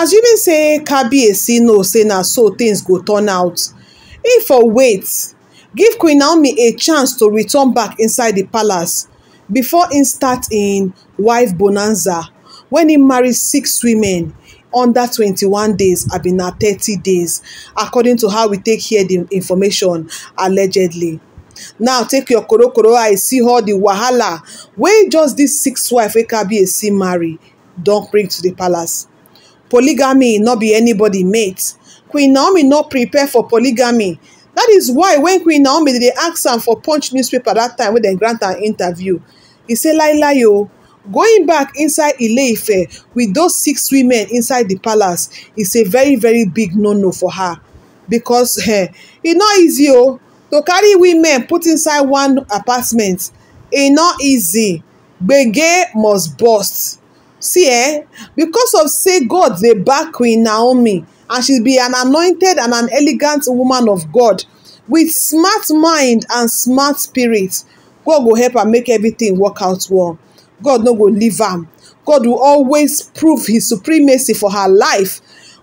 As assuming say kabiyesi know say na so things go turn out e for wait give queen naomi a chance to return back inside the palace before im start im wife bonanza when im marry six women under 21 days abi na 30 days according to how we take hear di information allegedly now take your korokoro eye see all di wahala wey just dis six wife wey kabiyesi marry don bring to di palace polygamy no be anybody mate queen naomi no prepare for polygamy That is why when queen naomi they ask am for punch newspaper that time when they grant an interview e say lai o oh, going back inside ileife with those six women inside the palace is a very very big no no for her because eh e no easy oh to carry women put inside one apartment e not easy gbege must burst see eh because of say god dey back queen naomi and she be an anointed and an elegant woman of god with smart mind and smart spirit god go help her make everything work out well god no go leave am god will always prove his supremacy for her life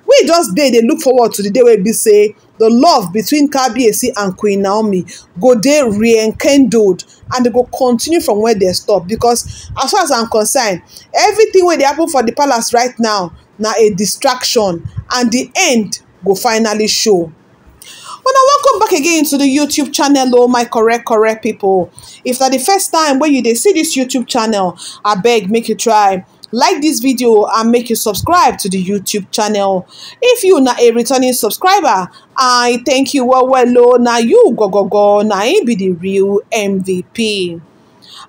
we just dey dey look forward to the day wey be say the love between Kabiesi and Queen Naomi go dey rekindled and e go continue from where they stop because as far as i'm concerned everything wey they happen for the palace right now na a distraction and the end go finally show Well, now welcome back again to the youtube channel o oh my correct correct people. if that the first time when you they see this youtube channel I beg make you try like this video and make you subscribe to the youtube channel if you not a returning subscriber i thank you well well o oh. Now you go go go. Now im be the real mvp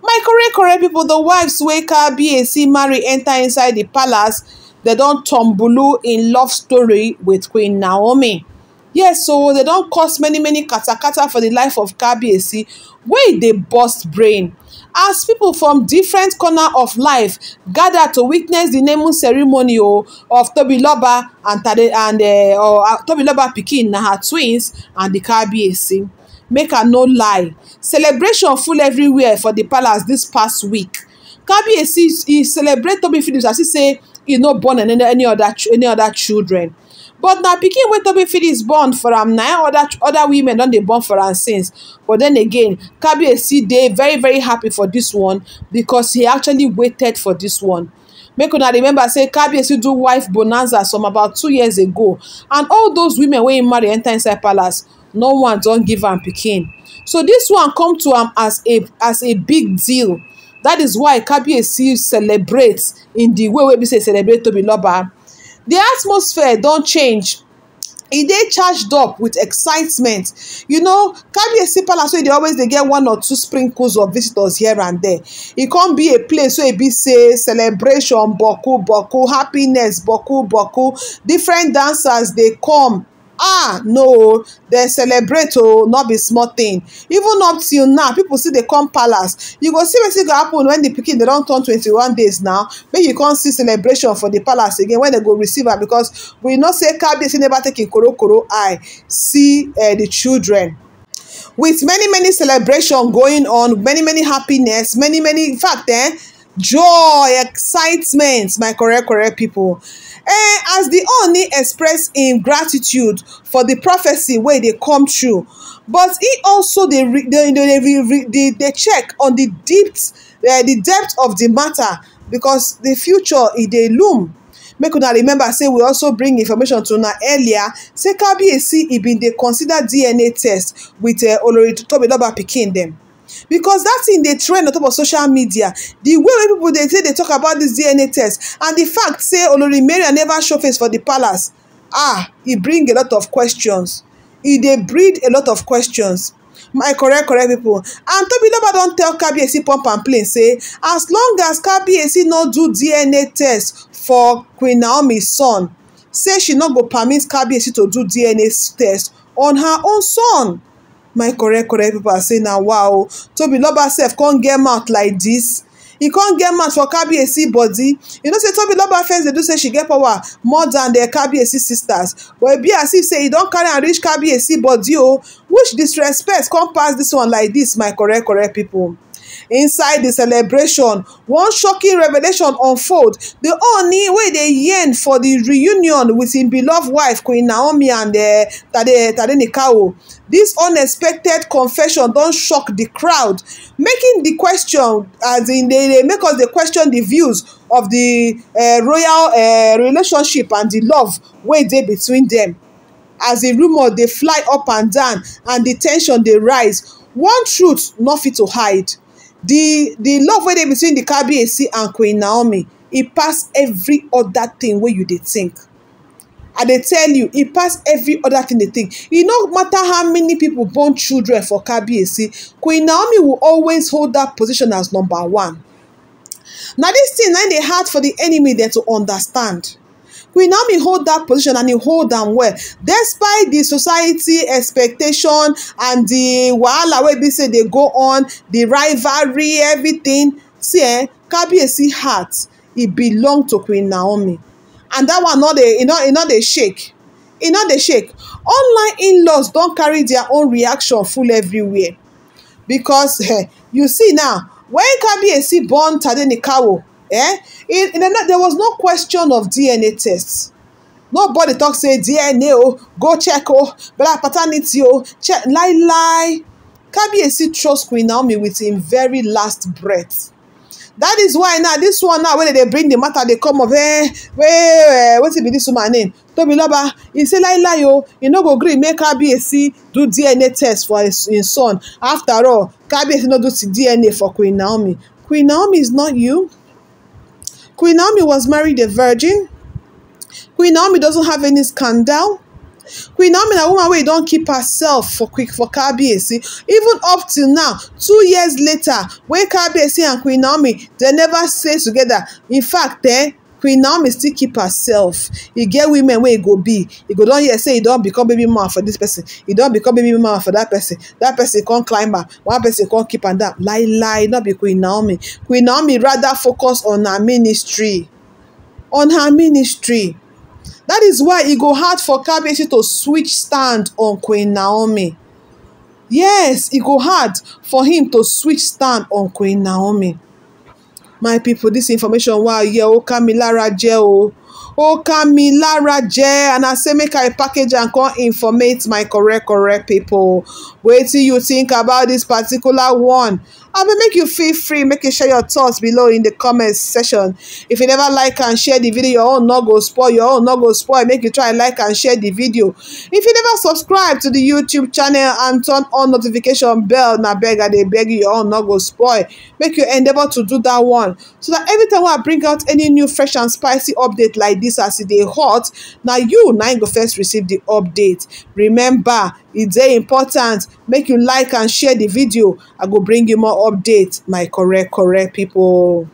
my correct pipo the wives wake up. BAC marry enter inside the palace They don't tumble in love story with queen naomi yes so they don cause many many katakata for the life of kabiyesi wey dey burst brain as people from different corner of life gather to witness the naming ceremony o oh, of tobiloba and eh, uh, tobiloba pikin na her twins and the kabiyesi make i no lie celebration full everywhere for the palace this past week kabiyesi e celebrate tobi phillips as he say he no born any other any other children but na pikin wey tobi phillips born for am na eh, other other women don dey born for am since but then again kabiyesi dey very very happy for this one because he actually waited for this one make una remember say kabiyesi do wife bonanza some about two years ago and all those women wey im marry enter inside palace no one don give am pikin so this one come to am as a as a big deal that is why kabiyesi celebrate in the way wey be say celebrate tobi loba The atmosphere don change e dey charged up with excitement you know kabiyesi palace wey dey always dey get one or two sprinkles of visitors here and there e come be a place wey be say celebration boku boku happiness boku boku different dancers dey come ah no dem celebrate o oh, no be small thing even up till now people still dey come palace you go see wetin go happen wen di pikin dey don turn one days now make you come see celebration for the palace again when dem go receive am because we know say kabiyesi never take im korokoro eye see eh, the children with many many celebration going on many many happiness many many in fact eh joy excitement my correct correct people eh as the only express in gratitude for the prophecy where they come true but he also they they they check on the depth eh, the depth of the matter because the future is e a loom make una remember say we also bring information to una earlier say kabiyesi e bin they consider dna test with wit eh, olori tobiloba pikin them because dat thing dey trend on top of social media the way wey pipo dey say dey talk about dis dna test and the fact say olori Maria never show face for the palace ah e bring a lot of questions e dey breed a lot of questions my correct correct people. and tobiloba don tell kabiyesi pump and plain say as long as kabiyesi no do dna test for queen naomi son say she no go permit kabiyesi to do dna test on her own son my correct correct people are saying now, wow oh, Toby, tobiloba sef come get mouth like this. He come get mouth for kabiyesi body you know say Toby tobiloba first dey do say she get power more than their kabiyesi sisters but e be as if say e don carry am reach kabiyesi body Oh, which disrespect come pass this one like this, my correct correct people inside the celebration one shocking revelation unfold The only way they yearn for the reunion with im beloved wife queen naomi and eh, Tade Tade tadenikawo This unexpected confession don shock the crowd making the question as in they dey make us dey question the views of di eh, royal eh, relationship and the love wey dey between them. as the rumour dey fly up and down and the ten sion dey rise one truth no fit to hide The the love wey dey between the di kabiyesi and queen naomi e pass every other thing wey you dey think i dey tell you e pass every other thing dey think e no matter how many people born children for kabiyesi queen naomi will always hold that position as number one na this thing na dey hard for the enemy dem to understand Queen Naomi hold that position and he hold am well despite the society expectation and the wahala wey be say dey go on the rivalry everything see eh Kabiyesi heart e belong to Queen Naomi and that one no dey e no e no dey shake e no dey shake online in-laws don carry their own reaction full everywhere because eh, you see now when Kabiyesi born Tadenikawo Eh? In, in the, there was no question of DNA tests. Nobody talks say DNA oh, go check oh, black paternity oh, check lie lie. Kabiyesi trust Queen Naomi with him very last breath. That is why now this one now when they bring the matter they come of eh wait it be this woman name loba. he say lie lie oh. he no go agree. make Kabiyesi do DNA test for his, his son after all Kabiyesi no do DNA for Queen Naomi Queen Naomi is not you. Queen Naomi was married a virgin. Queen Naomi doesn't have any scandal. Queen Naomi a woman don't keep herself for quick for Kabiyesi even up till now two years later when Kabiyesi and Queen Naomi they never stay together in fact eh queen naomi still keep herself e get women wey e go be e go don hear say e don become baby mama for dis person e don become baby mama for dat person dat person come climb am one person come keep am down lie lie not be queen naomi queen naomi rather focus on her ministry on her ministry That is why e go hard for kabiyesi to switch stand on queen naomi yes e go hard for him to switch stand on queen naomi my people this information wa yẹ ó ká mi lára jẹ o ó ká mi lára jẹ and i say make i package am come informate my correct correct people wetin you think about this particular one i will make you feel free make you share your thoughts below in the comment section if you never like and share the video your own not go spoil your own not go spoil make you try like and share the video if you never subscribe to the youtube channel and turn on notification bell na beg they beg you your own not go spoil make you endeavor to do that one so that every time i bring out any new fresh and spicy update like this as e hot now you 9 go first receive the update remember e dey important make you like and share di video i go bring you more update my correct correct pipo